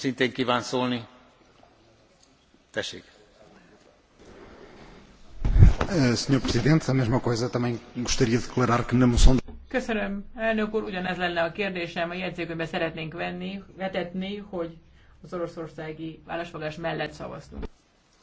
szintén kván szólni? tessék! Köszönöm, elnök úr, ugyanez lenne a kérdésem, a jegyzékönyvbe szeretnénk venni, vetetni, hogy az oroszországi állásfoglalás mellett szavaztunk.